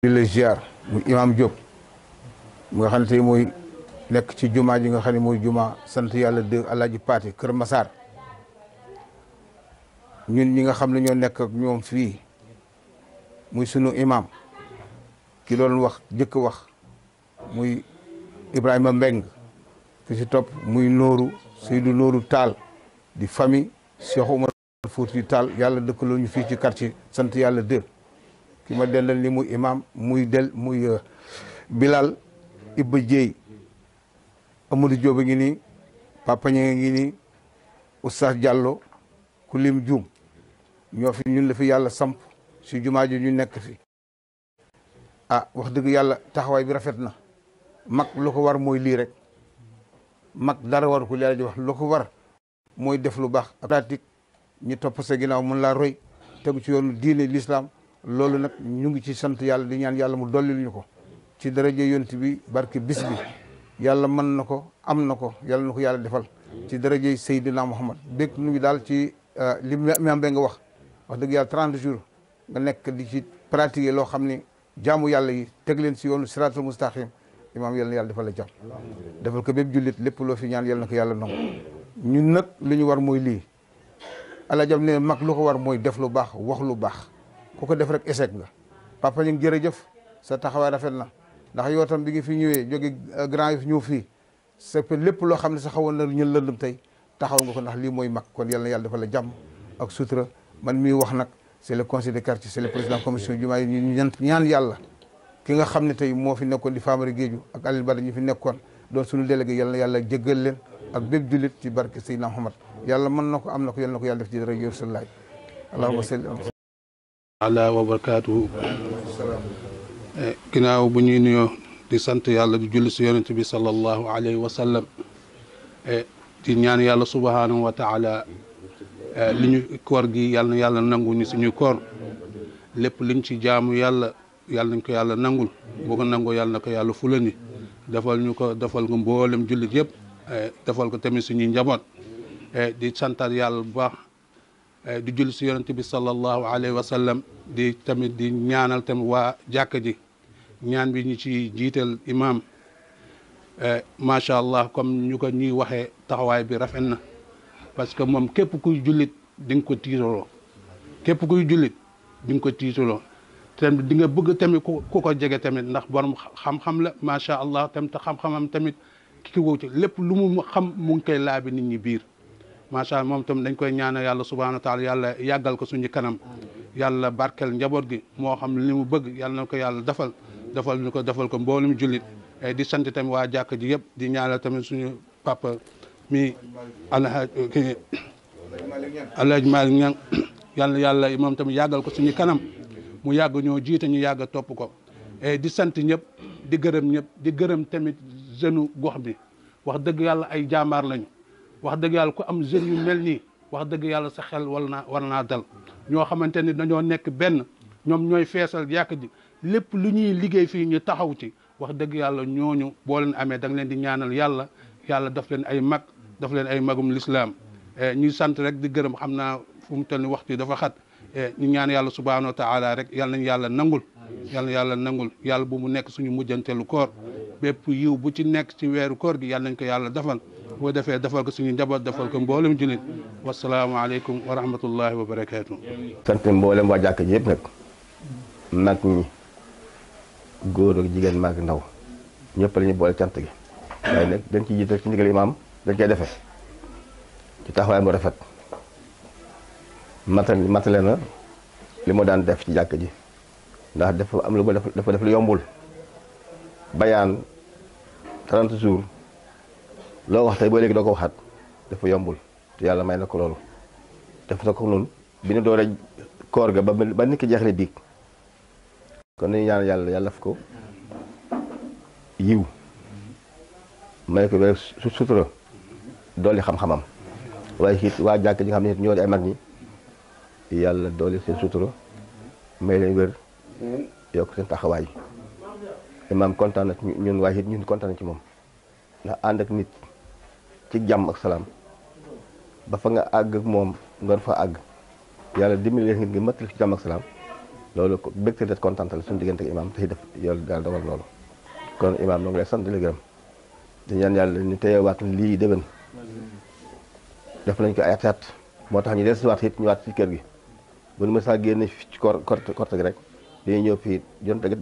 di la ziar muy imam Diop mu nga xam ne tey mooy nekk ci jumaa ji nga xam ne mooy jumaa sant yàlla de alaaji paati Kër Masaar ñun ñi nga xam ne ñoo nekk ñoom fii muy sunu imaam ki doon wax jëkk wax muy Ibrahima Mbeng ki si topp muy Nooru Seydou Nooru Taal di famille Cheikh Oumar Fouti Taal yàlla dëkkaloo ñu fii ci quartier sant yàlla de ki ma dendal ni muy imam muy del muy euh, Bilal Ibba Amadou Diop a ngi nii Papa Ñaŋ a ngi nii Oustaz Diallo ku lim juum ñoo fi ñun la yàlla samp si jumaa ji ñu nekk fi ah wax dëgg yàlla taxawaay bi rafet na mag lu ko war mooy lii rek mag dara war ko leela ji wax lu ko war mooy def lu baax pratique ñu topp sa ginnaaw mun laa roy tegu ci yoonu diine l'islam loolu nag ñu ngi ci sant yàlla di ñaan yàlla mu dolli ñu ko ci daraje yonent bi barke bis bi yàlla mën na ko am na ko yàlla na ko yàlla defal ci daraje Seydina Muhammad dégg nu ngi daal ci euh, li maam be nga wax wax dëgg yàlla trente jours nga nekk di ci pratiquer loo xam ni jaamu yàlla yi teg leen si yoonu siraatul mustaqim imaam yàlla na yàlla defal la jàmm defal ko bépp jullit lépp loo fi ñaan yàlla na ko yàlla nangu ñun nag li ñu war mooy lii ala jam ne mag lu ko war mooy def lu baax wax lu baax ku ko def rek échec nga papa ñu ngi jëf sa taxawaa rafet na ndax yow tam bi nga fi ñëwee jóge grand yi fi ñëw fii c'est lépp loo xam ne sa xawoon la ñun lëndëm tey taxaw nga ko ndax lii mooy mag kon yàlla na yàlla dafa la jàmm ak sutura man mi wax nag c'est le conseil de quartier c'est le président commission jumaa yi ñu ñan ñaan yàlla ki nga xam ne tey moo fi nekkoon di Famara Géeju ak alil Bada ñu fi nekkoon doon suñu délégué yàlla na yàlla jéggal leen ak bépp julit ci barke sayna Muhammad yàlla mën na ko am na ko yal na ko yàlla def ci dara yor sa laay allahumma salli ala wa barakatuhu Eh, ginnaaw bu ñuy nuyoo di sant yàlla di julli si yonent bi sallallahu alayhi wa sallam eh, di ñaan yàlla subhanahu wa taala eh, li ñu gi yàlla yàlla nangu suñu koor lépp liñ ci jaamu yàlla yàlla nañ ko yàlla nangul boo ko yàlla na ko yàlla fula ni defal ñu ko defal mboolem jullit yëpp defal ko tamit suñuy njaboot di santaat bu baax di julli si yonent bi sallallahu alayhi di tamit di ñaanal tamit waa jàkka ñaan bi ñu ci jiital imaam eh, macha allah comme ñu ko ñuy waxee taxawaay bi rafet na parce que moom képp kuy jullit di nga ko tiitaloo képp kuy jullit di nga ko tiitaloo tamit di nga bëgg tamit ku ko jege tamit ndax borom xam-xam la macha allah tamit te xam tamit ki wow ci lépp lu mu xam mu ngi laa bi nit ñi biir macha allah moom tamit dañ koy ñaana yàlla subhanahu wa taala yàlla yàggal ko suñu kanam yàlla barkel njaboot gi moo xam li mu bëgg yàlla na ko yàlla defal defal ñu ko defal ko mboolum jullit di sante tam wa jàkk ji yeb di ñaanal tam suñu papa mi alhaj mal Malick yàlla yàlla imam tam yagal ko suñu kanam mu yag ñoo jita ñu yag top ko di sante ñep di gërëm ñep di gërëm tamit jeunu gox bi wax deug yàlla ay jaamar lañ wax deug yàlla ku am jeun yu melni wax deug yàlla sa xel walna warna dal ño xamanteni dañu nekk benn ñoom ñooy feesal yàq lépp lu ñuy liggéey fii ñu taxaw ci wax dëgg yàlla ñooñu boo leen amee da leen di ñaanal yàlla yàlla daf leen ay mag daf leen ay magum lislaam eh, ñuy sant rek di gërëm xam naa fu mu toll ni waxtu yi dafa xat eh, ñu ñaan yàlla subhaanahu wa taala rek yàlla nañ yàlla nangul yàlla yàlla nangul yàlla bu mu nekk suñu mujjanteelu koor bépp yiw bu ci nekk ci weeru koor gi yàlla nañ ko yàlla defal boo defee defal ko suñu njaboot defal ko mbooleem jullit wasalaamaaleykum wa rahmatullahi wa mboolem waa jàkk yëpp nag nag góor ak jigéen mag ndaw ñëpp la ñuy boole cant gi waaye nag dañ ci jiital ci ndigal imaam dañ koy defee ci taxawaay bu rafet matal matale na li mu daan def ci jàkk ji ndax dafa am lu mu dafa def lu yombul bayaan 30 jours loo wax tey boo léegi doo ko waxaat dafa yombul te yàlla may na ko loolu def na ko noonu bi ñu doore koor ga ba ba nit ki jeexle biig kon nañu ñaan yàlla yàlla def ko yiw may ko weer sutura dooli xam-xamam waaye it waa jàkk ñi nga xam ne ñoo di ay mag ñi yàlla dooli seen sutura may leen wér yokk seen taxawaay imaam kontaan na ñun waaye it ñun kontaan ci moom ndax ànd ak nit ci jàmm ak salaam ba fa nga àgg moom nga fa àgg yàlla dimbali leen nit ngi matal ci jàmm ak salaam loolu mbégte de kontaanal suñu diggante ak imaam tey def yàlla daal dogal loolu kon imaam ñoo ngi lay sant di la gërëm di ñaan yàlla ñu teyewaat lii déwén def nañ ko ay at moo tax ñu desiwaat it ñëwaat ci kër gi bu ñu mësaa génne ci kor korte gi rek dañuy ñëw fii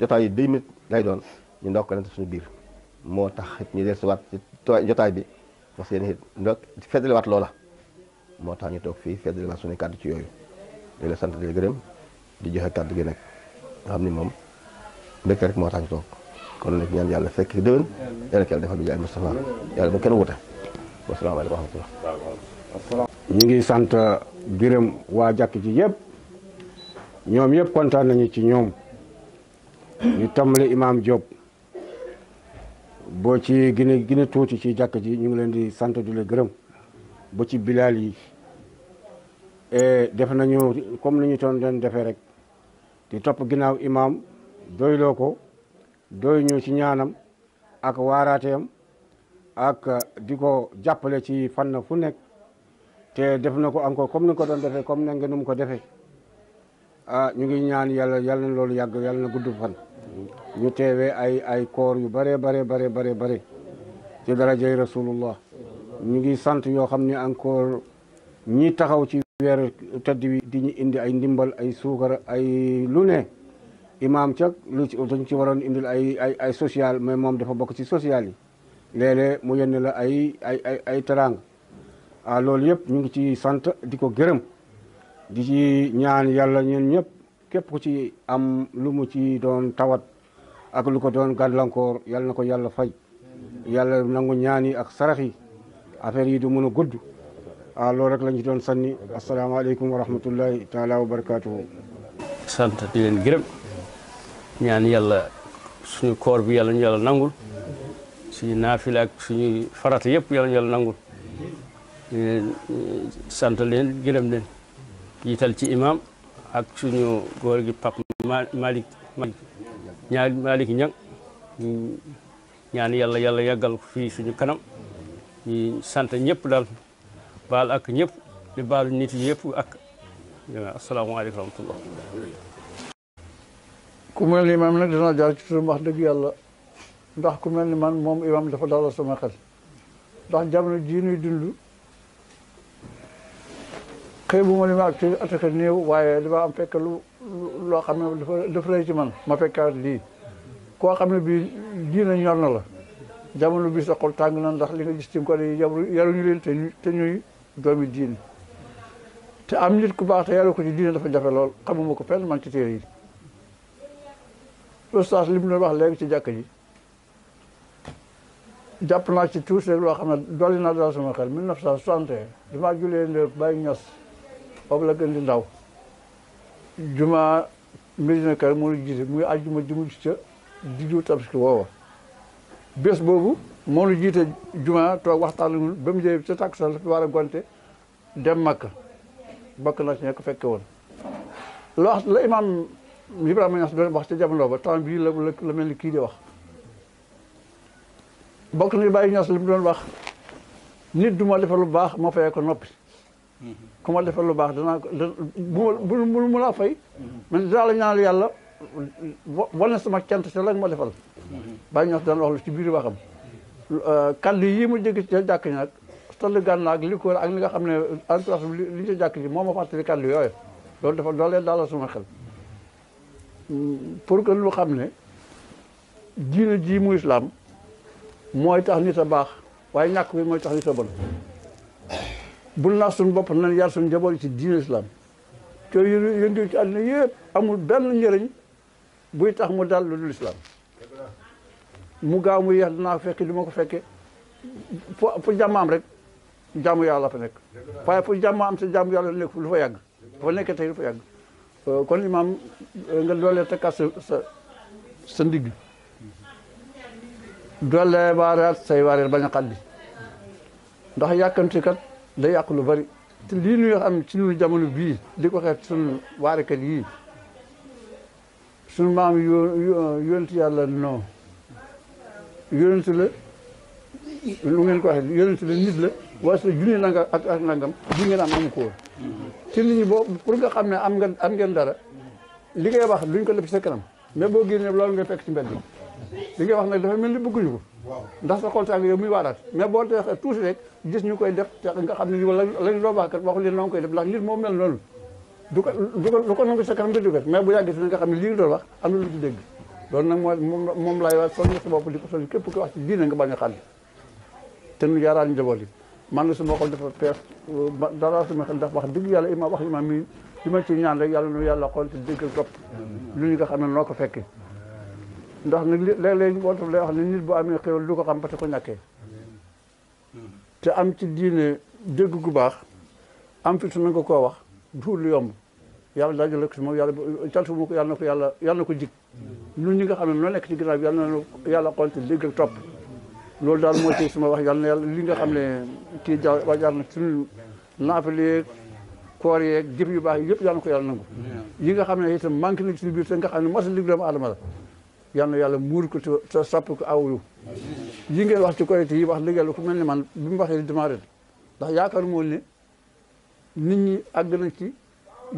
jotaay yi deux minutes lay doon ñu ndokkalante suñu biir moo tax it ñu desiwaat ci jotaay bi parce que yéen it ndok feddaliwaat loola moo tax ñu toog fii feddaliwaat suñu kàddu ci yooyu di la sant di gërëm di joxe kàddu gi nag nga xam ni moom mbégte rek moo tax ñu toog kon nag ñaan yàlla fekk déwén yàlla kenn defal mu jaay Moustapha yàlla ba kenn wute wasalaamaaleykum wa rahmatullah ñu ngi sant biram uh, waa jàkk ji yëpp ñoom yëpp kontaan nañu ci ñoom ñu tàmbali imaam Diop boo ci gën a tuuti ci jàkk ji ñu ngi leen di sant di la gërëm ba ci bilaal Eh, defe nañu comme ni ñu toon doon defee rek di topp ginnaaw imaam doyloo ko doy ñu ci ñaanam ak waaraateem ak di ko jàppale ci fan na fu nekk te def na ko encore comme ni ko doon defee comme na nga nu mu ko defee ah ñu ngi ñaan yàlla yàlla na loolu yàgg yàlla na gudd fan ñu teewee ay ay koor yu bare bare bare bare bare ci darajay rasulullah ñu ngi sant yoo xam ne encore ñi taxaw ci weer tedd wi di ñu indi ay ndimbal ay suukar ay lu ne imaam ca lu ci dañ ci waroon indil ay ay ay social mais moom dafa bokk ci social yi léeg-léeg mu yenn la ay ay ay ay teraanga ah loolu yëpp ñu ngi ci sant di ko gërëm di ci ñaan yàlla ñun ñëpp képp ku ci am lu mu ci doon tawat ak lu ko doon gàllankoor yàlla na ko yàlla faj yàlla nangu ñaan yi ak sarax yi affaire yi du mën a gudd a ah, loolu rek lañ ci doon sànni asalaamaaleykum wa rahmatullahi taala wa barakaatuhu. sant di leen gërëm ñaan yàlla suñu koor bi yàlla yàlla nangul suñu naafila ak suñu farata yëpp yàlla yàlla nangul eh, sant leen gërëm leen yiital ci imam ak suñu góor gi Pape Malick ñaar Malick Niang ñaan yàlla yàlla yàggal fii suñu kanam ñu sant ñëpp daal. baal ak ñëpp di baalu nit yëpp ak asalaamaaleykum ni maam nag danaa jaar ci turam wax dëgg yàlla ndax ku mel ni man moom imaam dafa dalal sama xel ndax jamono jii nuy dund xëy bu ma li ma ataka néew waaye dama am fekk lu loo xam ne dafa dafa rëy man ma fekkaat lii koo xam ne bii diina ñor na la jamono bi sa xol na ndax li nga gis ci ko yi yaruñu leen te ñuy doomi diine te am nit ku baax te yàlla ko ci diine dafa jafe lool xamuma ko fenn man ci téere yi ustaas li mu doon wax léegi ci jàkk ji jàpp naa ci tuuti rek loo xam ne dolli naa daal sama xel 1961 jumaa julee ndër Baye Niass boobu la gën di ndaw jumaa Medina Kër moo la jiite muy àjjuma ji mujj ca di ju tabaski woowa bés boobu moo lu jiite juma toog waxtaan ba mu jëyee ca tàkkusaan la fi war a gonte dem Makka bokk na ci ña ko fekkee woon loo wax la imaam Ibrahima Niass doon wax ca jamono ba temps bii la la mel ni kii di wax bokk na Baye Niass li doon wax nit du ma lu baax ma fayee ko defal lu baax danaa ko bu mu mu laa fay yàlla wane sama cant ca la nga ma defal ci biir waxam Euh, kàddu yii mu dégg ci jàkk ñi nag toll gànnaa ak li ko ak li nga xam ne entourage li li ci ji moo ma fàttali kàddu yooyu loolu dafa doolee daala suma xel pour que lu xam ne diina ji mu moo mooy tax nit a baax waaye ñàkk bi mooy tax nit a bon bu nax suñ bopp nañ yar suñ njaboot ci diina islaam te yëngu ci àddina yëpp amul benn njëriñ buy tax mu dal lu dul islaam mu gaaw mu yeex dinaa fekk li ma ko fekkee pour jàmm am rek jàmm yàlla fa nekk waaye pour jàmm am sa jàmm yàlla nekk lu fa yàgg dafa nekk tey lu fa yàgg euh, kon imaam euh, nga doolee takkaat sa sa sa ndigg doolee waaraat say waareel bañ a xaddi ndax yàkkamti kat day yàq lu bari te lii nuy xam ci nu jamono bii di ko xeeb sunu waarekat yii sunu maam yonent yàlla non yonentu la lu ngeen ko waxee yonentu la nit la waaye su junni nangam ak ak nangam bu ngeen am amu ko woon te nit ñi boo pour nga xam ne am nga am ngeen dara li ngay wax duñ ko lépp sa kanam mais boo génnee loolu nga fekk ci mbedd bi li wax nag dafa mel ni bëgguñu ko ndax sa xol sag yow muy waaraat mais boo tuuti rek gis ñu koy def nga xam ne lañ loo wax moo mel noonu du ko du ko nangu sa kanam nga dugal mais bu yàggee wax am na lu ci dégg loolu nag moom moom laay wax soññ sa bopp di ko soññ képp ko wax ci diine nga bañ a xànn te nu yaaraan njaboot yi man na suma xol dafa fees dara suma xel wax dëgg yàlla imaam wax imaam mi li ma ci ñaan rek yàlla nu yàlla xool te déggal topp lu ñu nga xam ne noo ko fekkee ndax nag léeg-léeg wolof lay wax ne nit bu amee xéwal du ko xam ba te ko ñàkkee te am ci diine dégg gu baax am fi su nga koo wax duul lu yomb yàlla daajale ko si moom yàlla cal su ko yàlla na ko yàlla yàlla ko jik ñun ñi nga xam ne noo nekk ci ginnaaw yal na yàlla xonte dégg ak topp loolu daal moo ci suma wax yal na yàlla li nga xam ne kii ja jaar na naa naafaleeg koor ye jëf yu baax yëpp yal na ko yàlla nangu yi nga xam ne itam manqué na ci biir te nga xam ne mos a lig doomu aadama la yal na yàlla muur ko te sapp ko awlu yi ngeen wax ci korite yi wax dëgg yàlla ku mel ne man bi mu waxee démarré ndax yaakaar moon ne nit ñi àgg nañ ci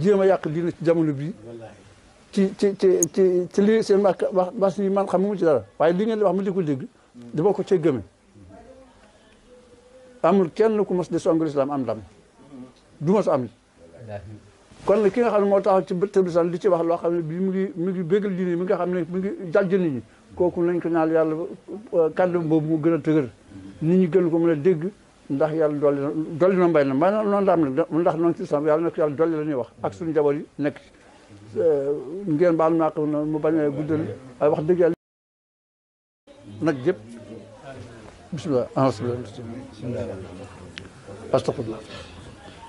jéem a yàq diina ci jamono bii ci ci ci ci ci li seen wax wax man mu ci dara waaye li ngeen di wax mu di ko dégg dama ko ce gëme amul kenn ku mos di songu lislaam am ndam du mos am kon nag ki nga xam ne moo taxaw ci tëbisal li ci wax loo xam ne bii mu ngi mu ngi bégal diine mi nga xam ne mu ngi jàjj nit ñi kooku nañ ko ñaan yàlla kàddu boobu mu gën a tëgër nit ñi gën ko mu a dégg ndax yàlla dolli na dolli na mbay na maanaam noonu ndax noonu ci sam yàlla nag yàlla dolli la ñuy wax ak suñu njaboot yi nekk ngeen baal ma mu bañ guddal ay wax dëgg yàlla nag jëpp bisimilah astafurlah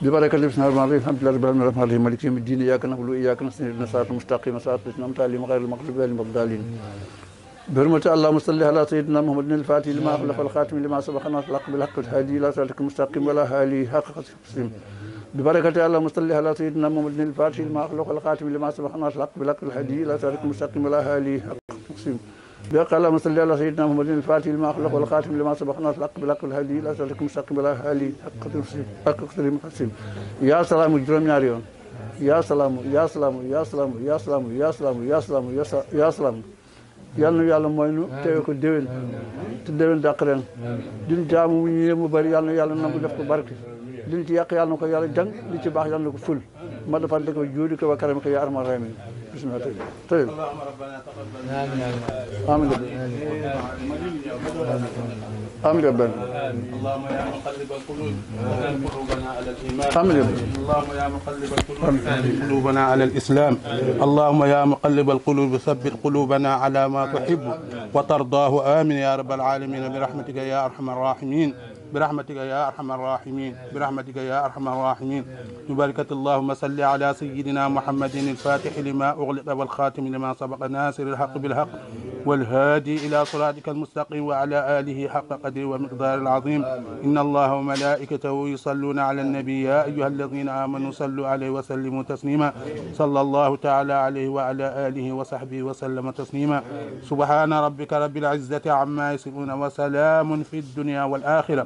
ببركة بسم الله الرحمن الرحيم الحمد لله رب العالمين الرحمن الرحيم مالك يوم الدين إياك نعبد وإياك نستعين اهدنا الصراط المستقيم صراط الذين أنعمت عليهم غير المغضوب عليهم ولا الضالين على سيدنا محمد الفاتح لما أغلق الخاتم لما سبق الحق بالحق والهادي لا صراطك المستقيم ولا هالي حق قصير ببركة الله مصلي على سيدنا محمد الفاتح المخلوق القاتم لما سبق الناس الحق بالحق الهدي لا تارك مستقيم ولا هالي مقسم بحق اللهم صل على سيدنا محمد الفاتح المخلوق القاتم لما سبق الناس الحق بالحق الهدي لا تارك مستقيم ولا هالي حق مقسم يا سلام اجرم يا ريون يا سلام يا سلام يا سلام يا سلام يا سلام يا سلام يا سلام yàlla na yàlla mooy nu teewee ko déwén te déwén dàq ren duñ jaamu mu ñu mu bari yàlla na yàlla nangu def ko barke liñ ci yàq yàlla na ko yàlla jàng li ci baax yàlla na ko ful ma dafante ko juudi ko wa karam ko yaa armal ramin bismillah tëy امر يا ربنا اللهم يا مقلب القلوب قلوبنا على الايمان امر يا ربنا اللهم يا مقلب القلوب قلوبنا على الاسلام اللهم يا مقلب القلوب ثبت قلوبنا على ما تحب وترضاه امين يا رب العالمين برحمتك يا ارحم الراحمين برحمتك يا أرحم الراحمين برحمتك يا أرحم الراحمين مباركة اللهم صل على سيدنا محمد الفاتح لما أغلق والخاتم لما سبق ناصر الحق بالحق والهادي إلى صراطك المستقيم وعلى آله حق قدر ومقدار العظيم إن الله وملائكته يصلون على النبي يا أيها الذين آمنوا صلوا عليه وسلموا تسليما صلى الله تعالى عليه وعلى آله وصحبه وسلم تسليما سبحان ربك رب العزة عما يصفون وسلام في الدنيا والآخرة